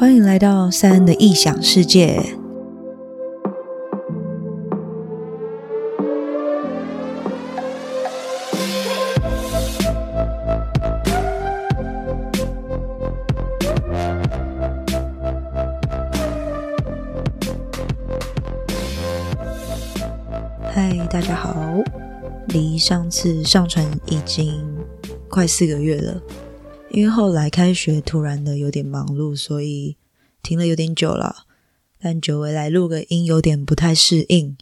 歡迎來到賽恩的異想世界。嗨，大家好，離上次上傳已經快四個月了。因為後來開學突然的有點忙碌，所以停了有點久了。但久違來錄個音，有點不太適應。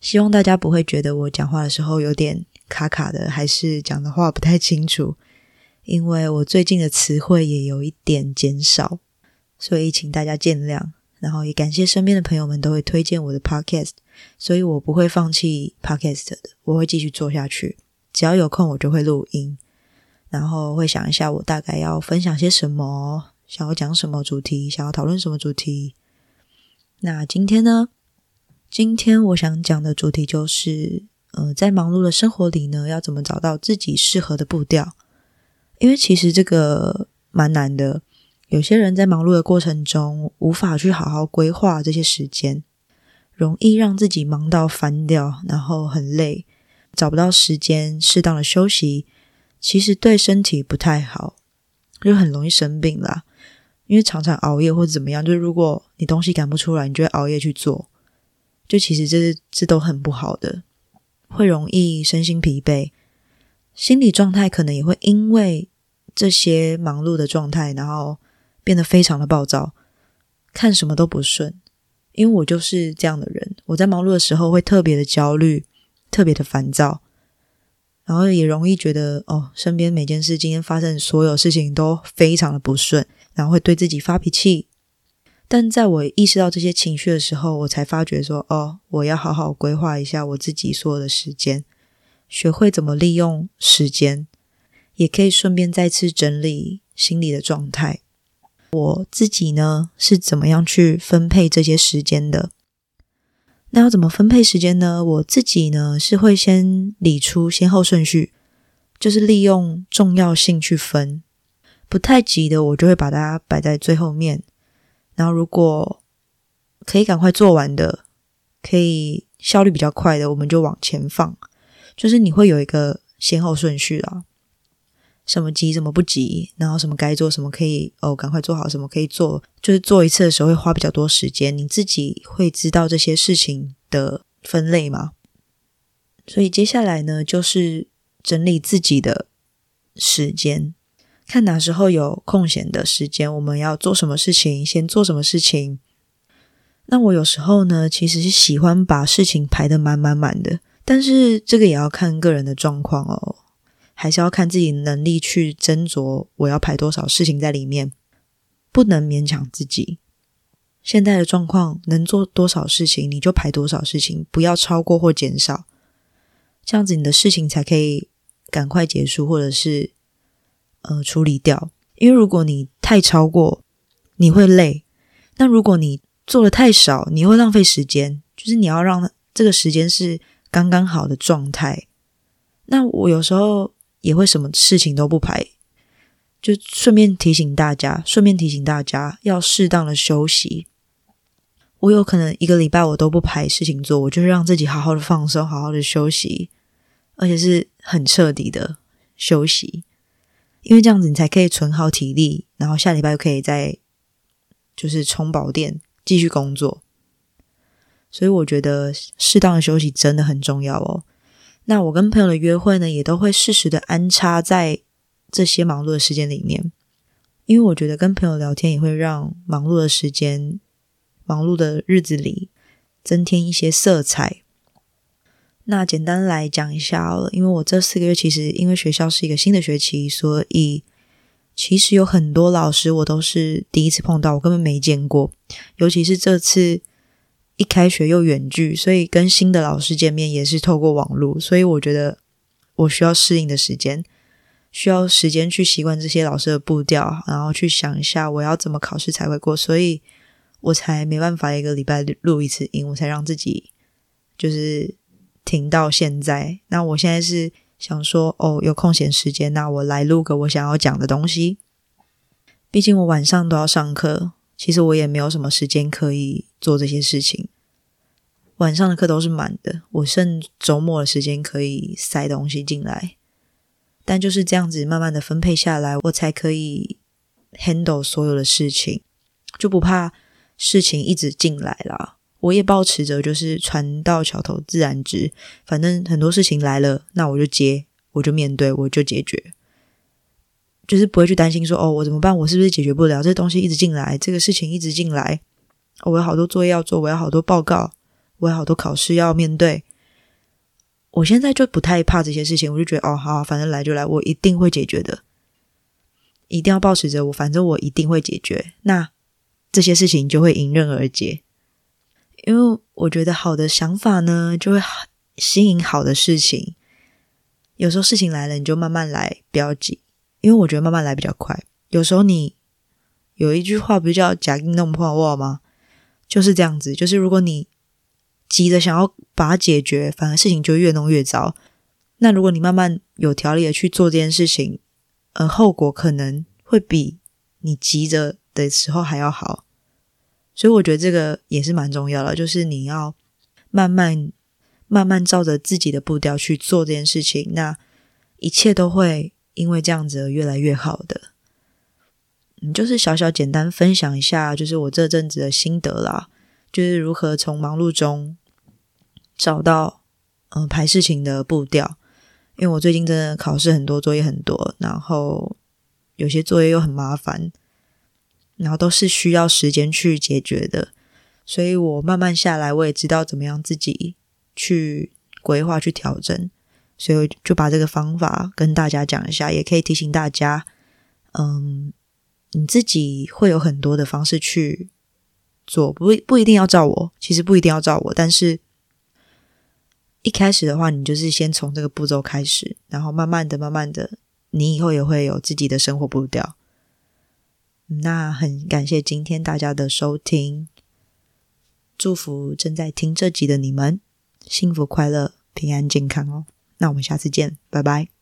希望大家不會覺得我講話的時候有點卡卡的，還是講的話不太清楚。因為我最近的詞彙也有一點減少，所以請大家見諒。然後也感謝身邊的朋友們都會推薦我的 podcast，所以我不會放棄 podcast 的，我會繼續做下去。只要有空，我就會錄音。然後會想一下，我大概要分享些什麼，想要講什麼主題，想要討論什麼主題。那今天呢？今天我想講的主題就是，呃，在忙碌的生活裡呢，要怎麼找到自己適合的步調？因為其實這個蠻難的。有些人在忙碌的過程中，無法去好好規劃這些時間，容易讓自己忙到翻掉，然後很累，找不到時間適當的休息。其實對身體不太好，就很容易生病啦。因為常常熬夜或者怎麼樣，就是如果你東西趕不出來，你就會熬夜去做，就其實這這都很不好的，會容易身心疲憊，心理狀態可能也會因為這些忙碌的狀態，然後變得非常的暴躁，看什麼都不順。因為我就是這樣的人，我在忙碌的時候會特別的焦慮，特別的煩躁。然後也容易覺得哦，身邊每件事，今天發生所有事情都非常的不順，然後會對自己發脾氣。但在我意識到這些情緒的時候，我才發覺說，哦，我要好好規劃一下我自己所有的時間，學會怎麼利用時間，也可以順便再次整理心理的狀態。我自己呢，是怎麼樣去分配這些時間的？那要怎麼分配時間呢？我自己呢，是會先理出先後順序，就是利用重要性去分，不太急的我就會把它擺在最後面，然後如果可以趕快做完的，可以效率比較快的，我們就往前放，就是你會有一個先後順序啦、啊。什麼急，什麼不急？然後什麼該做，什麼可以哦，趕快做好，什麼可以做，就是做一次的時候會花比較多時間。你自己會知道這些事情的分類嗎？所以接下來呢，就是整理自己的時間，看哪時候有空閒的時間，我們要做什麼事情，先做什麼事情。那我有時候呢，其實是喜歡把事情排得滿滿滿的，但是這個也要看個人的狀況哦。還是要看自己能力去斟酌，我要排多少事情在裡面，不能勉強自己。現在的狀況能做多少事情，你就排多少事情，不要超過或減少。這樣子你的事情才可以趕快結束，或者是呃處理掉。因為如果你太超過，你會累；那如果你做的太少，你會浪費時間。就是你要讓這個時間是剛剛好的狀態。那我有時候，也會什麼事情都不排，就順便提醒大家，順便提醒大家要適當的休息。我有可能一個禮拜我都不排事情做，我就是讓自己好好的放鬆，好好的休息，而且是很徹底的休息。因為這樣子你才可以存好體力，然後下禮拜又可以再就是充飽電繼續工作。所以我覺得適當的休息真的很重要哦。那我跟朋友的約會呢，也都會適時的安插在這些忙碌的時間裡面，因為我覺得跟朋友聊天也會讓忙碌的時間、忙碌的日子裡增添一些色彩。那簡單來講一下哦，因為我這四個月其實因為學校是一個新的學期，所以其實有很多老師我都是第一次碰到，我根本沒見過，尤其是這次。一開學又遠距，所以跟新的老師見面也是透過網絡，所以我覺得我需要適應的時間，需要時間去習慣這些老師的步調，然後去想一下我要怎麼考試才會過，所以我才沒辦法一個禮拜錄一次音，我才讓自己就是停到現在。那我現在是想說，哦，有空閒時間，那我來錄個我想要講的東西。畢竟我晚上都要上課，其實我也沒有什麼時間可以做這些事情，晚上的課都是滿的。我剩週末的時間可以塞東西進來，但就是這樣子慢慢的分配下來，我才可以 handle 所有的事情，就不怕事情一直進來啦。我也保持着就是船到橋頭自然直，反正很多事情來了，那我就接，我就面對，我就解決，就是不會去擔心說哦，我怎麼辦？我是不是解決不了？這東西一直進來，這個事情一直進來。我有好多作業要做，我有好多報告，我有好多考試要面對。我現在就不太怕這些事情，我就覺得哦，好，反正來就來，我一定會解決的。一定要保持着我，反正我一定會解決，那這些事情就會迎刃而解。因為我覺得好的想法呢，就會吸引好的事情。有時候事情來了，你就慢慢來，不要急，因為我覺得慢慢來比較快。有時候你有一句話不是叫“呷緊弄破碗”嗎？就是這樣子，就是如果你急着想要把它解決，反而事情就越弄越糟。那如果你慢慢有條理的去做這件事情，呃，後果可能會比你急着的時候還要好。所以我覺得這個也是蠻重要的，就是你要慢慢、慢慢照着自己的步調去做這件事情，那一切都會因為這樣子而越來越好的。你就是小小簡單分享一下，就是我這陣子的心得啦，就是如何從忙碌中找到嗯排事情的步調。因為我最近真的考試很多，作業很多，然後有些作業又很麻煩，然後都是需要時間去解決的。所以我慢慢下來，我也知道怎麼樣自己去規劃、去調整。所以我就把這個方法跟大家講一下，也可以提醒大家，嗯。你自己會有很多的方式去做，不不一定要照我，其實不一定要照我，但是一開始的話，你就是先從這個步驟開始，然後慢慢的、慢慢的，你以後也會有自己的生活步調。那很感謝今天大家的收聽，祝福正在聽這集的你們幸福快樂、平安健康哦。那我們下次見，拜拜。